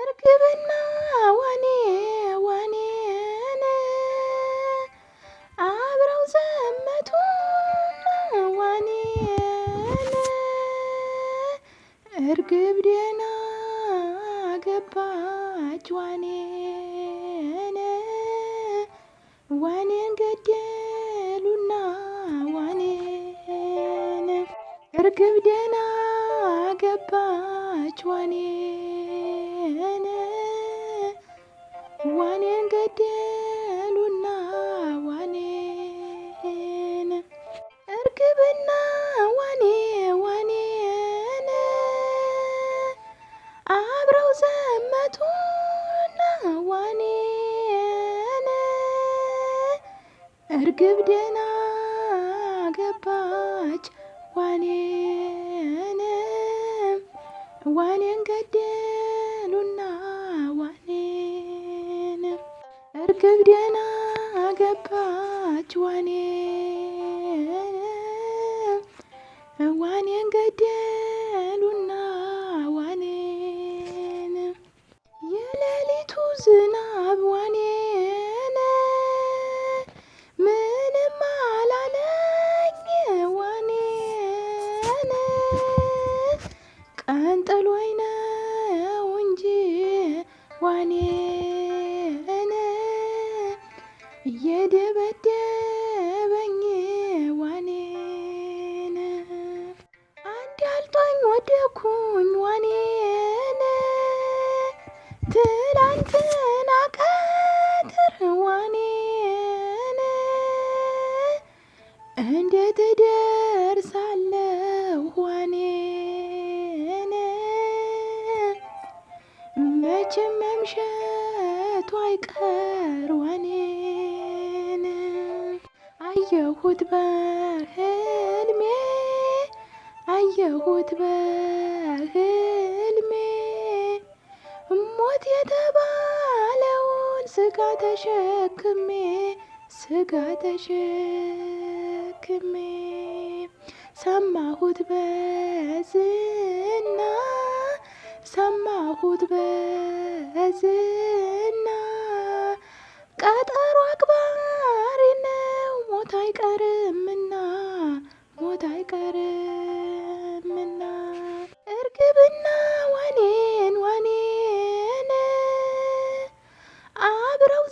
እርግብና ዋኔ ወኔን አብረው ዘመቱ ወኔን እርግብ ገባች ገደ እርግብ ደህና ገባች ዋኔን ዋኔን ገደሉና ዋኔን እርግብና ዋኔ ዋኔን አብረው ዘመቱና ዋኔን እርግብ ደህና ገባች ዋኔንም ዋኔን ገደሉና ዋኔንም እርግብ ደህና ገባች ዋኔንም ዋኔን እንዴት ደርሳለሁ ዋኔን መቼም መምሸቱ አይቀር ዋኔን አየሁት በህልሜ አየሁት በህልሜ ሞት የተባለውን ስጋ ተሸክሜ ስጋ ተሸክሜ ደክሜ ሰማሁት በዝና ሰማሁት በዝና ቀጠሮ አክባሪ ነው ሞት አይቀርምና ሞት አይቀርምና እርግብና ዋኔን ዋኔን አብረው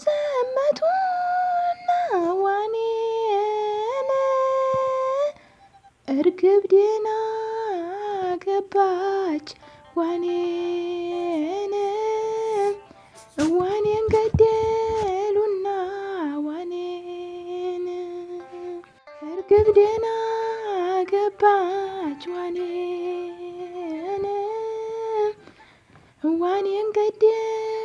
ዋኔን ዋኔን ገደሉና ዋኔን እርግብ ደና ገባች ዋኔን ዋኔን ገደሉ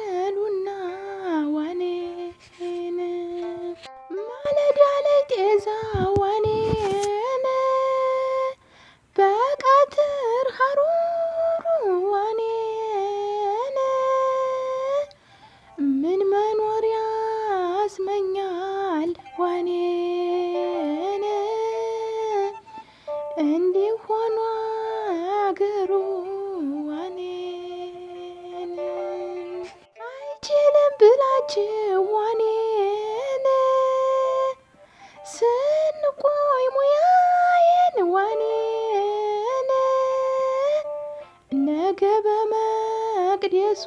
ጭዋኔን ስንቆይ ሙያዬን ዋኔን ነገ በመቅደሱ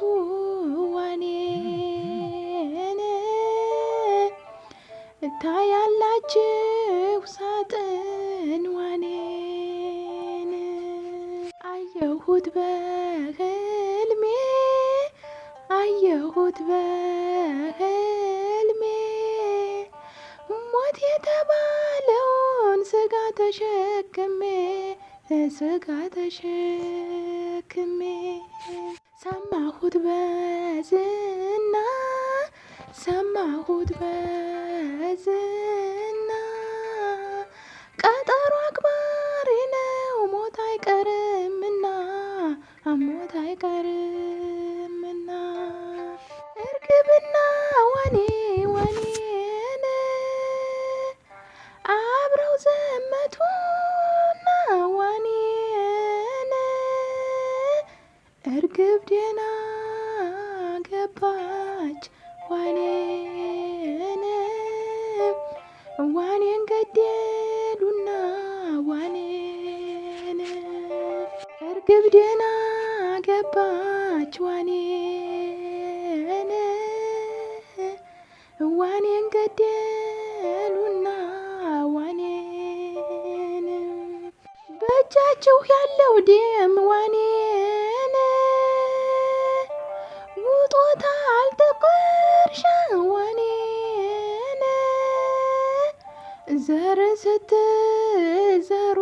ዋኔን እታያላችሁ ሳጥን ዋኔን አየሁት በህልሜ አየሁት በ ስጋ ተሸክሜ ስጋ ተሸክሜ ሰማሁት በዝና ሰማሁት በዝና ቀጠሮ አክባሪ ነው ሞት አይቀርምና ሞት አይቀርምና እርግብና ወኔ ማዋኔነ እርግብ ደና ገባች ዋኔ እጃችሁ ያለው ደም ዋኔን ውጦታል ጥቁር ሸዋኔን ዘር ስትዘሩ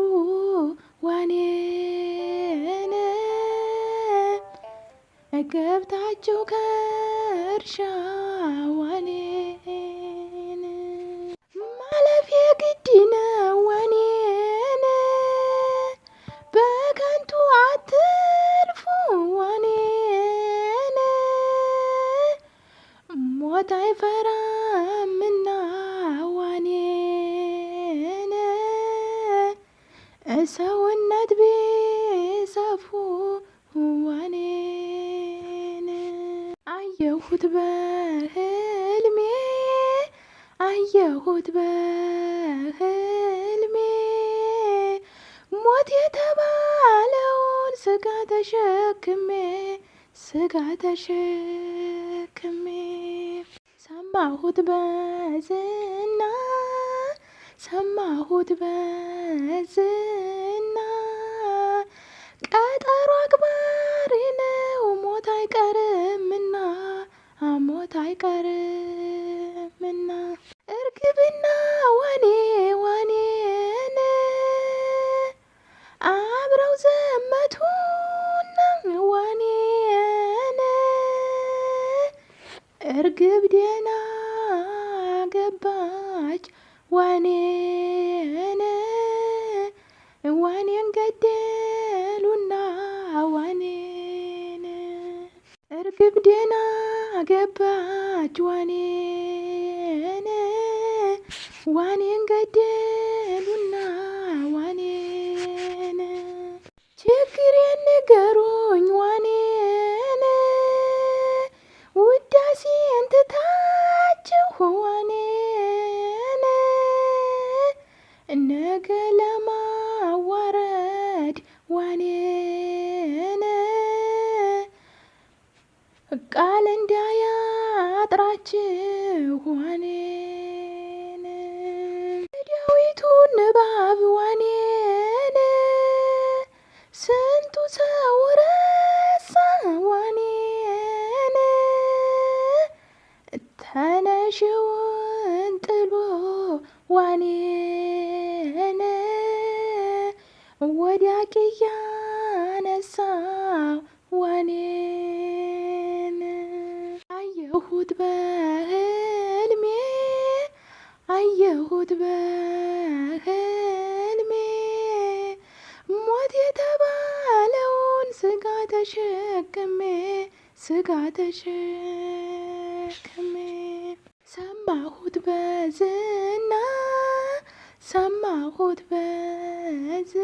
ዋኔን ገብታችሁ ከእርሻ ዋኔ ሞት አይፈራምና ዋኔን ሰውነት ቢሰፉ ዋኔን አየሁት በህልሜ አየሁት በህልሜ ሞት የተባለውን ስጋ ተሸክሜ ስጋ ተሸክሜ ሰማሁት በዝና ሰማሁት በዝና ቀጠሮ አክባሪ ነው ሞት አይቀርምና ሞት አይቀርምና እርግብና ወኔ ወኔን አብረው ዘመቱና ወኔን እርግብ ደና ዋኔን ዋኔን ገደሉና ዋኔን እርግብ ደህና ገባች ዋኔን ዋኔን ገደሉና ዋኔን ችግሬን ንገሩኝ ዋኔን ውዳሴን ትታችሁ ዋኔ ነገ ለማዋረድ ዋኔን ቃል እንዳያጥራችሁ ዋኔ አየሁት በህልሜ አየሁት በህልሜ ሞት የተባለውን ስጋ ተሸክሜ ስጋ ተሸክሜ ሰማሁት በዝና ሰማሁት በዝና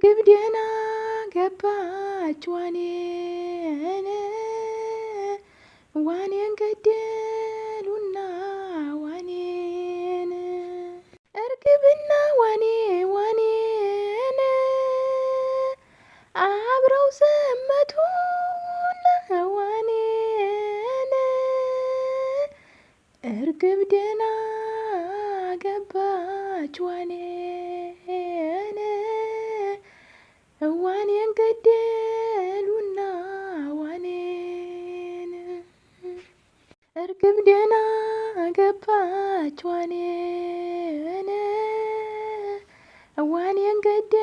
እርግብ ደህና ገባች ዋኔን ዋኔን ገደሉና ዋኔን እርግብና ዋኔ ዋኔን አብረው ዘመቱና ዋኔን እርግብ ደህና ገባች ዋኔ እርግብ ደና ገባች ዋኔ ዋኔ ገደ